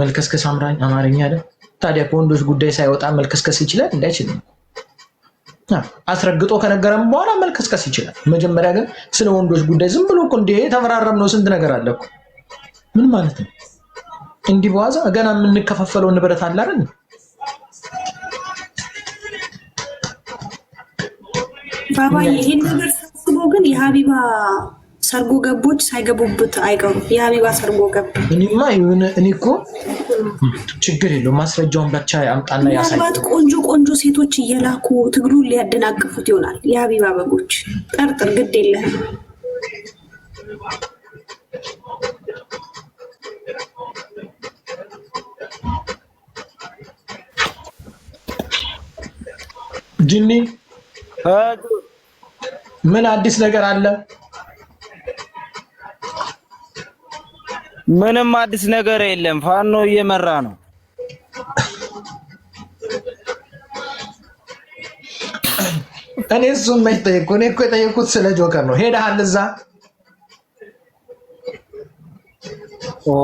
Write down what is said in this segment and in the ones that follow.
መልከስከስ አማርኛ አይደል? ታዲያ ከወንዶች ጉዳይ ሳይወጣ መልከስከስ ይችላል? እንዳይችልም አስረግጦ ከነገረም በኋላ መልከስከስ ይችላል። መጀመሪያ ግን ስለ ወንዶች ጉዳይ ዝም ብሎ እንዲ የተፈራረም ነው። ስንት ነገር አለ እኮ ምን ማለት ነው? እንዲህ በዋዛ ገና የምንከፋፈለው ንብረት አለ አይደል? ባባ ይህን ነገር ሳስበው ግን የሀቢባ ሰርጎ ገቦች ሳይገቡበት አይቀሩ። የሀቢባ ሰርጎ ገብ እኔማ የሆነ እኔ እኮ ችግር የለው ማስረጃውን ብቻ አምጣና ያሳይ። ምናልባት ቆንጆ ቆንጆ ሴቶች እየላኩ ትግሉን ሊያደናቅፉት ይሆናል። የሀቢባ በጎች ጠርጥር፣ ግድ የለህም። ጅኒ ምን አዲስ ነገር አለ? ምንም አዲስ ነገር የለም። ፋኖ እየመራ ነው። እኔ እሱን መች ጠየቅኩ? እኔ እኮ የጠየቅኩት ስለ ጆከር ነው። ሄደሃል እዛ? ኦ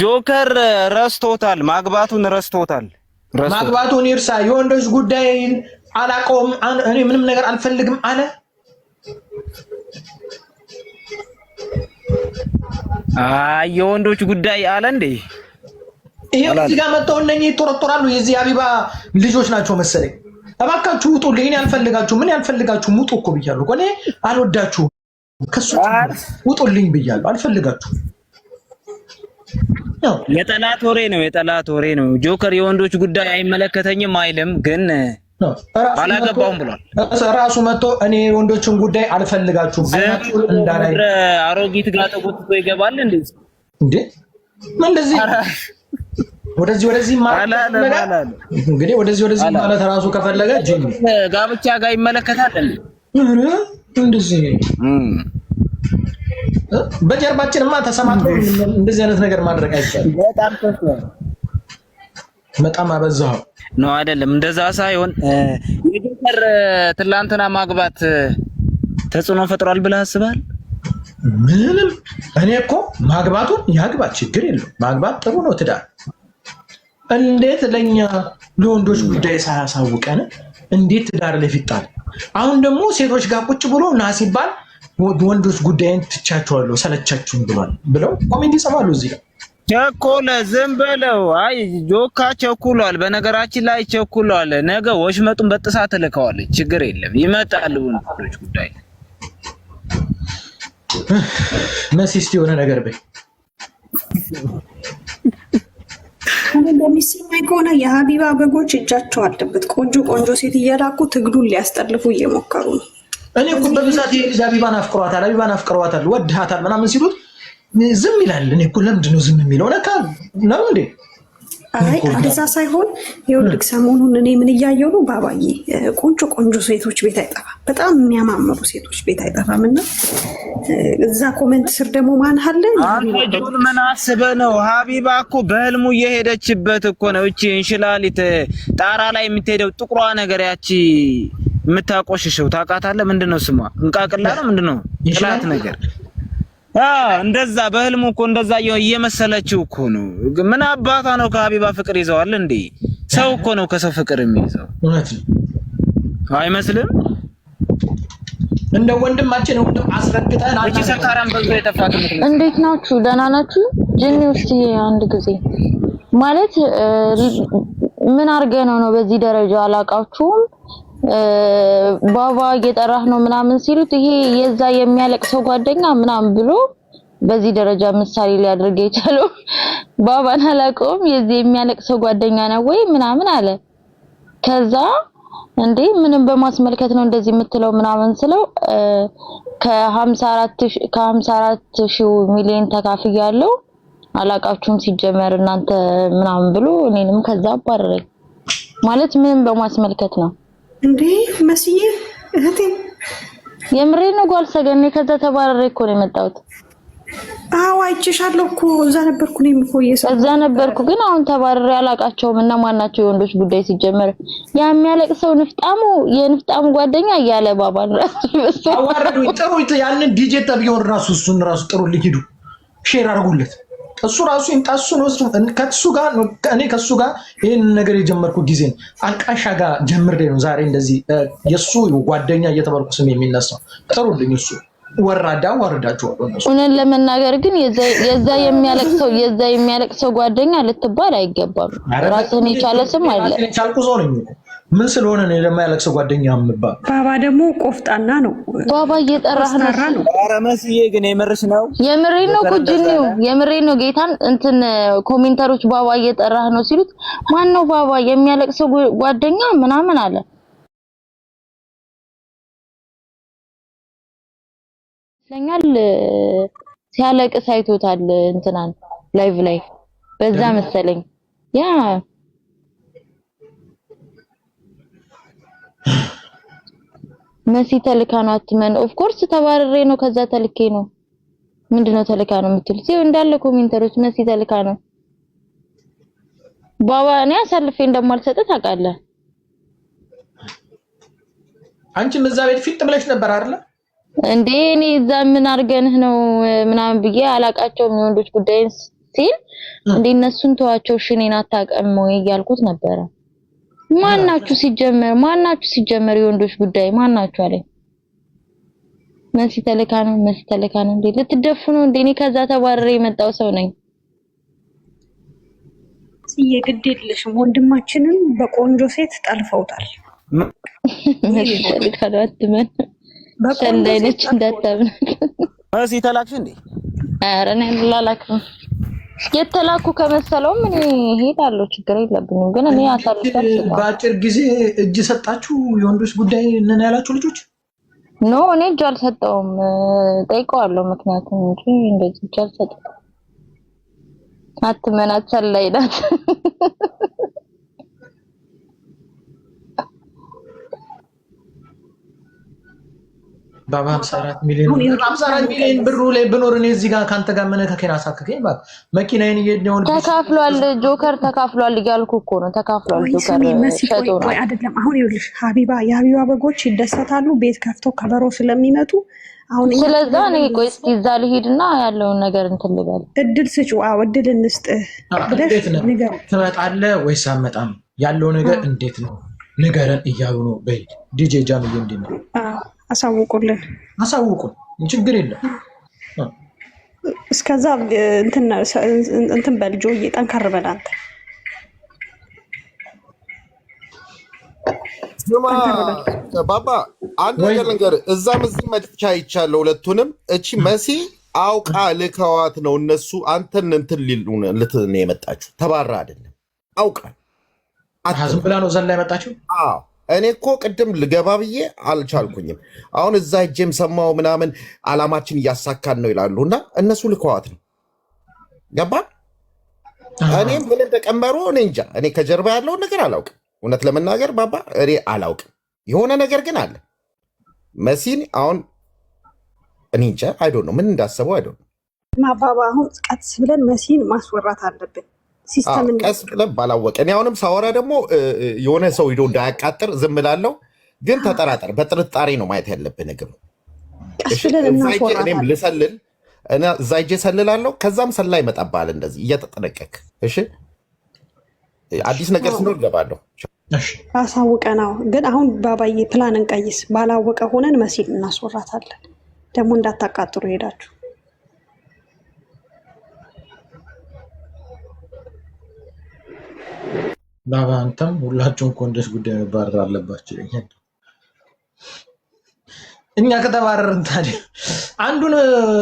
ጆከር ረስቶታል፣ ማግባቱን ረስቶታል። ማግባቱን ይርሳ። የወንዶች ጉዳይን አላውቀውም፣ እኔ ምንም ነገር አልፈልግም አለ አይ የወንዶች ጉዳይ አለ እንዴ? ይሄ እዚህ ጋር መጣው እነኚህ ይጦረጦራሉ። የዚህ አቢባ ልጆች ናቸው መሰለኝ። እባካችሁ ውጡ። እኔ ያልፈልጋችሁ ምን ያልፈልጋችሁ ውጡ እኮ ብያለሁ። እኔ አልወዳችሁም፣ ከሱ ውጡልኝ ብያለሁ፣ አልፈልጋችሁም። የጠላት ወሬ ነው፣ የጠላት ወሬ ነው። ጆከር የወንዶች ጉዳይ አይመለከተኝም አይልም ግን አላገባውም ብሏል። ራሱ መጥቶ እኔ ወንዶችን ጉዳይ አልፈልጋችሁም እንዳላይ አሮጊት ጋር ተጎትቶ ይገባል። እንደዚህ እንዴ እንደዚህ ወደዚህ ወደዚህ ማለት እንግዲህ ወደዚህ ወደዚህ ማለት ራሱ ከፈለገ ጋብቻ ጋር ይመለከታል። እንደዚህ በጀርባችንማ ተሰማ እንደዚህ አይነት ነገር ማድረግ አይቻልም። በጣም አበዛው ነው አይደለም? እንደዛ ሳይሆን የገጠር ትላንትና ማግባት ተጽዕኖ ፈጥሯል ብለህ አስባል? ምንም እኔ እኮ ማግባቱን ያግባት ችግር የለው ማግባት ጥሩ ነው ትዳር። እንዴት ለእኛ ለወንዶች ጉዳይ ሳያሳውቀን እንዴት ትዳር ለፊጣል አሁን ደግሞ ሴቶች ጋር ቁጭ ብሎ ና ሲባል ወንዶች ጉዳይን ትቻቸዋለሁ ሰለቻችሁን ብሏል ብለው ኮሜንት ይጽፋሉ እዚህ ጋር ቸኮለ ዝም በለው። አይ ጆካ ቸኩሏል። በነገራችን ላይ ቸኩሏል። ነገ ወሽመጡን በጥሳ ትልከዋለች። ችግር የለም ይመጣል። ወንዶች ጉዳይ መሲ እስቲ የሆነ ነገር በይ። እንደሚሰማኝ ከሆነ የሀቢባ በጎች እጃቸው አለበት። ቆንጆ ቆንጆ ሴት እየላኩ ትግሉን ሊያስጠልፉ እየሞከሩ ነው። እኔ እኮ በብዛት ሀቢባን አፍቅሯታል፣ ሀቢባን አፍቅሯታል፣ ወድሃታል ምናምን ሲሉት ዝም ይላል። እኔ እኮ ለምንድን ነው ዝም የሚለው? ለካ ነው እንዴ? አይ እንደዛ ሳይሆን ይኸውልህ፣ ሰሞኑን እኔ ምን እያየው ነው? ባባዬ ቆንጆ ቆንጆ ሴቶች ቤት አይጠፋም፣ በጣም የሚያማምሩ ሴቶች ቤት አይጠፋም። እና እዛ ኮመንት ስር ደግሞ ማን አለ? አንዱን ምን አስበህ ነው? ሀቢባ እኮ በህልሙ እየሄደችበት እኮ ነው። እቺ እንሽላሊት ጣራ ላይ የምትሄደው ጥቁሯ ነገር ያቺ የምታቆሽሸው ታውቃታለህ? ምንድን ነው ስሟ? እንቃቅላ ነው ምንድን ነው ጥላት ነገር እንደዛ በህልሙ እኮ እንደዛ እየመሰለችው እኮ ነው። ምን አባቷ ነው ከሀቢባ ፍቅር ይዘዋል እንዴ? ሰው እኮ ነው ከሰው ፍቅር የሚይዘው አይመስልም? እንደ ወንድማችን ወንድም አስረግጠን አንቺ ሰካራም እንዴት ናችሁ? ደህና ናችሁ? ጅኒ ውስጥ አንድ ጊዜ ማለት ምን አድርገህ ነው ነው በዚህ ደረጃ አላውቃችሁም ባባ እየጠራህ ነው ምናምን ሲሉት ይሄ የዛ የሚያለቅ ሰው ጓደኛ ምናምን ብሎ በዚህ ደረጃ ምሳሌ ሊያደርግ የቻለው ባባን አላውቀውም። የዚህ ሰው ጓደኛ ነው ወይ ምናምን አለ። ከዛ እንዴ ምንም በማስመልከት ነው እንደዚህ የምትለው ምናምን ስለው ከሀምሳ አራት ሺው ሚሊዮን ተካፍ ሚሊዮን አላቃችሁም ሲጀመር እናንተ ምናምን ብሎ እኔንም ከዛ አባረረኝ። ማለት ምንም በማስመልከት ነው እንዴ መስዬ እህቴ የምሬ ነው። ጓል ሰገኔ ከዛ ተባረሬ እኮ ነው የመጣሁት። አዎ አይቼሻለሁ እኮ እዛ ነበርኩ ነው የምቆየው። እዛ ነበርኩ ግን አሁን ተባረሬ አላቃቸውም። እና ማናቸው የወንዶች ጉዳይ ሲጀመር ያ ሰው ንፍጣሙ የንፍጣሙ ጓደኛ እያለ ባባን ራሱ ይመስላል። አዋረዱ ጥሩ ያንን ዲጄ ተብየውን ራሱ እሱን ራሱ ጥሩ ልሂዱ ሼር አድርጉለት። እሱ ራሱ ይምጣ። ከሱ ጋር እኔ ከሱ ጋር ይህን ነገር የጀመርኩ ጊዜ ነው አልቃሻ ጋር ጀምሬ ነው ዛሬ እንደዚህ የእሱ ጓደኛ እየተባልኩ ስም የሚነሳው ጥሩልኝ። እሱ ወራዳ ወርዳችኋለሁ። እውነት ለመናገር ግን የዛ የሚያለቅሰው የዛ የሚያለቅሰው ጓደኛ ልትባል አይገባም። ራስህን የቻለ ስም አለ። ቻልኩ ሰው ነኝ ምን ስለሆነ ነው ያለቅሰው ጓደኛ የምባል? ባባ ደግሞ ቆፍጣና ነው። ባባ እየጠራህ ነው። ኧረ መስዬ ግን የምርሽ ነው? የምሬ ነው። ኩጅኒው የምሬ ነው። ጌታን እንትን ኮሜንተሮች ባባ እየጠራህ ነው ሲሉት ማን ነው ባባ የሚያለቅሰው ጓደኛ ምናምን አለ። ይመስለኛል ሲያለቅስ አይቶታል። እንትናን ላይቭ ላይ በዛ መሰለኝ ያ መሲ ተልካ ነው አትመን። ኦፍ ኮርስ ተባረሬ ነው ከዛ ተልኬ ነው። ምንድነው ተልካ ነው የምትል ሲው እንዳለ ኮሜንተሮች መሲ ተልካ ነው። ባባ እኔ አሳልፌ እንደማልሰጥ ታውቃለህ። አንቺ እዛ ቤት ፊት ብለሽ ነበር አይደለ እንዴ? እኔ እዛ ምን አድርገንህ ነው ምናምን ብዬ አላቃቸውም የወንዶች ጉዳይን ሲል እንዴ እነሱን ተዋቸው እሺ እኔን አታውቅም ወይ እያልኩት ነበረ። ማናችሁ ሲጀመር ማናችሁ ሲጀመር የወንዶች ጉዳይ ማናችሁ አለ መሲ ተልካ ነው መሲ ተልካ ነው እንዴ ልትደፍኑ እንዴ? እኔ ከዛ ተባረረ የመጣው ሰው ነኝ። የግድ የለሽም። ወንድማችንን በቆንጆ ሴት ጠልፈውታል። መሲ ተልካ ነው አትመን ሰላይ ነች መሲ ተላክሽ እንዴ? አረ እኔ ነው የተላኩ ከመሰለውም እኔ እሄዳለሁ፣ ችግር የለብኝም። ግን እኔ በአጭር ጊዜ እጅ ሰጣችሁ የወንዶች ጉዳይ እንን ያላችሁ ልጆች ኖ፣ እኔ እጅ አልሰጠውም፣ ጠይቀዋለሁ። ምክንያቱም እንጂ እንደዚህ እጅ አልሰጠውም። አትመናት ሰላይ ናት። በ54 ሚሊዮን ብሩ ላይ ብኖር እኔ እዚህ ጋር ከአንተ ጋር መነካከን መኪናዬን እየሆን ተካፍሏል፣ ጆከር ተካፍሏል እያልኩ እኮ ነው። ተካፍሏል ጆከር አይደለም። አሁን ይኸውልሽ ሀቢባ፣ የሀቢባ በጎች ይደሰታሉ ቤት ከፍተው ከበሮ ስለሚመጡ አሁን ስለዛ ቆይ እስኪ እዛ ያለውን ነገር እድል እድል እንስጥህ ብለሽ ትመጣለህ ወይስ አትመጣም? ያለው ነገር እንዴት ነው ንገረን እያሉ ነው። በይ ዲጄ ጃምዬ ነው አሳውቁልን፣ አሳውቁ ችግር የለም። እስከዛ እንትን በልጆ እየጠንከር በል አንተ ባባ አንድ ነገር ልንገርህ፣ እዛም እዚህ መጥቻ ይቻለሁ ሁለቱንም። እቺ መሲ አውቃ ልከዋት ነው እነሱ አንተን እንትን ልትል ነው የመጣችው። ተባራ አይደለም አውቃ ዝም ብላ ነው ዘላ የመጣችው። እኔ እኮ ቅድም ልገባ ብዬ አልቻልኩኝም። አሁን እዛ እጄም ሰማው ምናምን አላማችን እያሳካን ነው ይላሉ እና እነሱ ልከዋት ነው ገባ። እኔም ምን እንደቀመሩ እኔ እንጃ። እኔ ከጀርባ ያለውን ነገር አላውቅም። እውነት ለመናገር ባባ እኔ አላውቅም። የሆነ ነገር ግን አለ መሲን አሁን እኔ እንጃ አይዶ ነው ምን እንዳሰበው አይዶ ነው ማባባ አሁን ቀጥስ ብለን መሲን ማስወራት አለብን። ሲስተም ቀስ ብለን ባላወቀ እኔ አሁንም ሳወራ ደግሞ የሆነ ሰው ሂዶ እንዳያቃጥር ዝም እላለሁ፣ ግን ተጠራጠር በጥርጣሬ ነው ማየት ያለብን። ነገር እኔም ልሰልል እዛ እጄ ሰልላለሁ። ከዛም ሰላ ይመጣብሃል። እንደዚህ እየተጠነቀክ። እሺ። አዲስ ነገር ሲኖር ገባለሁ ነው ግን አሁን ባባዬ ፕላን እንቀይስ። ባላወቀ ሆነን መሲል እናስወራታለን። ደግሞ እንዳታቃጥሩ ሄዳችሁ ላባ አንተም ሁላችሁም ኮንደስ ጉዳይ መባረር አለባቸው። እኛ ከተባረርን ታዲያ አንዱን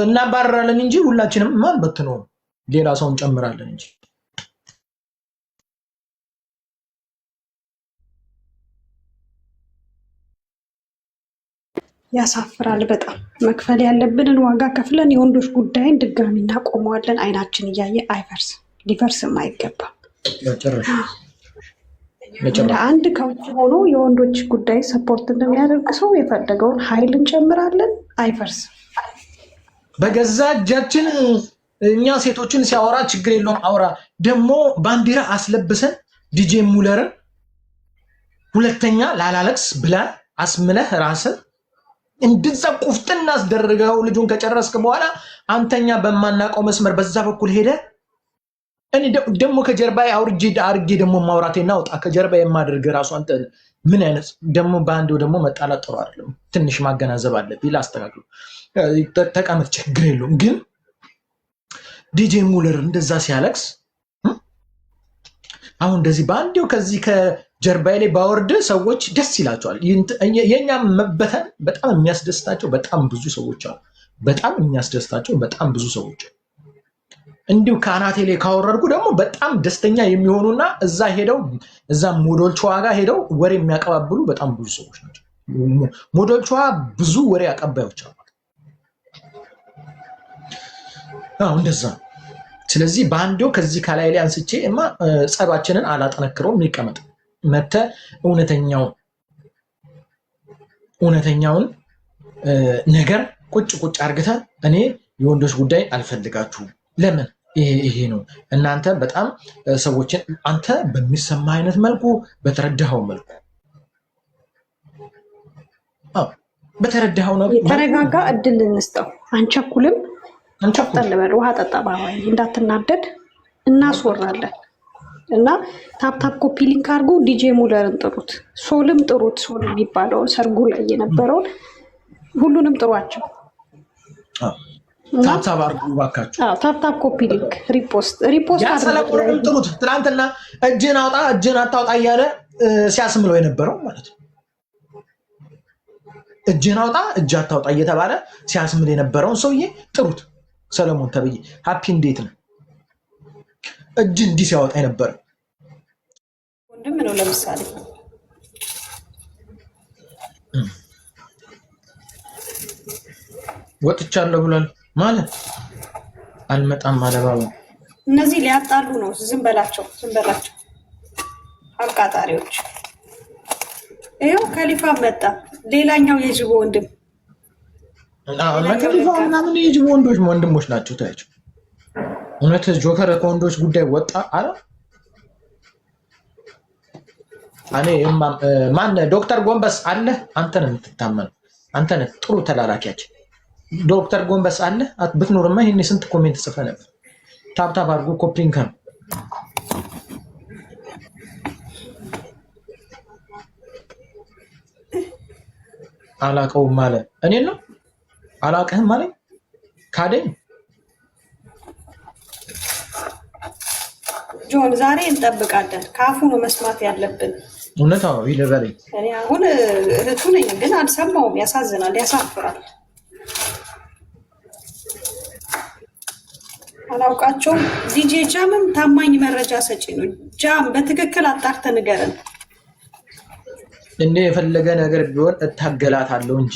እናባረራለን እንጂ ሁላችንም ማን በትነው ሌላ ሰው እንጨምራለን እንጂ ያሳፍራል በጣም መክፈል ያለብንን ዋጋ ከፍለን የወንዶች ጉዳይን ድጋሚ እናቆመዋለን። አይናችን እያየ አይፈርስም፣ ሊፈርስም አይገባም። እንደ አንድ ከውጭ ሆኖ የወንዶች ጉዳይ ሰፖርት እንደሚያደርግ ሰው የፈለገውን ኃይል እንጨምራለን፣ አይፈርስም። በገዛ እጃችን እኛ ሴቶችን ሲያወራ ችግር የለውም አውራ። ደግሞ ባንዲራ አስለብሰን ዲጄ ሙለርን ሁለተኛ ላላለቅስ ብላን አስምለህ ራስን እንድዛ ቁፍጥና አስደርገው ልጁን ከጨረስክ በኋላ አንተኛ በማናውቀው መስመር በዛ በኩል ሄደ እኔ ደግሞ ከጀርባ አውርጄ አርጌ ደግሞ ማውራቴ እናውጣ ከጀርባ የማደርግ ራሱ አንተ ምን አይነት ደግሞ በአንድ ደግሞ መጣላት ጥሩ አይደለም። ትንሽ ማገናዘብ አለብኝ። ላስተካክሉ ተቀመጥ፣ ችግር የለውም ግን ዲጄ ሙለር እንደዛ ሲያለቅስ አሁን እንደዚህ በአንዴው ከዚህ ከጀርባዬ ላይ ባወርድ ሰዎች ደስ ይላቸዋል። የእኛ መበተን በጣም የሚያስደስታቸው በጣም ብዙ ሰዎች አሉ። በጣም የሚያስደስታቸው በጣም ብዙ ሰዎች እንዲሁ ከአናቴ ላይ ካወረድኩ ደግሞ በጣም ደስተኛ የሚሆኑና እዛ ሄደው እዛ ሞዶልቸዋ ጋር ሄደው ወሬ የሚያቀባብሉ በጣም ብዙ ሰዎች ናቸው። ሞዶልቸዋ ብዙ ወሬ አቀባዮች አሉ። እንደዛ ነው። ስለዚህ በአንዱ ከዚህ ከላይ ላይ አንስቼ እማ ጸባችንን አላጠነክረውም ይቀመጥ መተ እውነተኛውን እውነተኛውን ነገር ቁጭ ቁጭ አርግተ እኔ የወንዶች ጉዳይ አልፈልጋችሁም ለምን ይሄ ነው። እናንተ በጣም ሰዎችን አንተ በሚሰማ አይነት መልኩ በተረዳኸው መልኩ በተረዳኸው ነው። ተረጋጋ፣ እድል እንስጠው። አንቸኩልም፣ ጠልበል ውሃ ጠጣ ባባይ እንዳትናደድ እናስወራለን። እና ታፕታፕ ኮፒ ሊንክ አድርጎ ዲጄ ሙለርን ጥሩት፣ ሶልም ጥሩት። ሶል የሚባለውን ሰርጉ ላይ የነበረውን ሁሉንም ጥሯቸው። ታብታብ እባካችሁ። ታብታብ ኮፒ ሊንክ ሪፖስት ሪፖስት ጥሩት። ትናንትና እጅን አውጣ እጅን አታውጣ እያለ ሲያስምለው የነበረው ማለት ነው። እጅን አውጣ እጅ አታውጣ እየተባለ ሲያስምል የነበረውን ሰውዬ ጥሩት። ሰለሞን ተብዬ ሀፒ እንዴት ነው እጅ እንዲህ ሲያወጣ የነበረ ወንድም ነው። ለምሳሌ ወጥቻለሁ ብሏል። ማለት አልመጣም ማለባው። እነዚህ ሊያጣሉ ነው። ዝም በላቸው፣ ዝም በላቸው አቃጣሪዎች። ይኸው ከሊፋ መጣ፣ ሌላኛው የጅቦ ወንድም። ከሊፋ ምናምን የጅቦ ወንዶች ወንድሞች ናቸው። ታያቸው። እውነት ጆከር ከወንዶች ጉዳይ ወጣ አለ። እኔ ማን ዶክተር ጎንበስ አለ። አንተን የምትታመነው አንተን ጥሩ ተላላኪያችን ዶክተር ጎንበስ አለ ብትኖርማ ይህን ስንት ኮሜንት ጽፈ ነበር። ታብታብ አድርጎ ኮፕሪንግ ነው አላቀውም አለ። እኔ ነው አላቀህም አለ። ካደኝ ጆን ዛሬ እንጠብቃለን። ከአፉ ነው መስማት ያለብን። እውነት ይለበለኝ። አሁን እህቱ ነኝ ግን አልሰማውም። ያሳዝናል፣ ያሳፍራል። አላውቃቸውም። ዲጄ ጃምም ታማኝ መረጃ ሰጪ ነው። ጃም በትክክል አጣርተ ንገረን። እኔ የፈለገ ነገር ቢሆን እታገላታለሁ እንጂ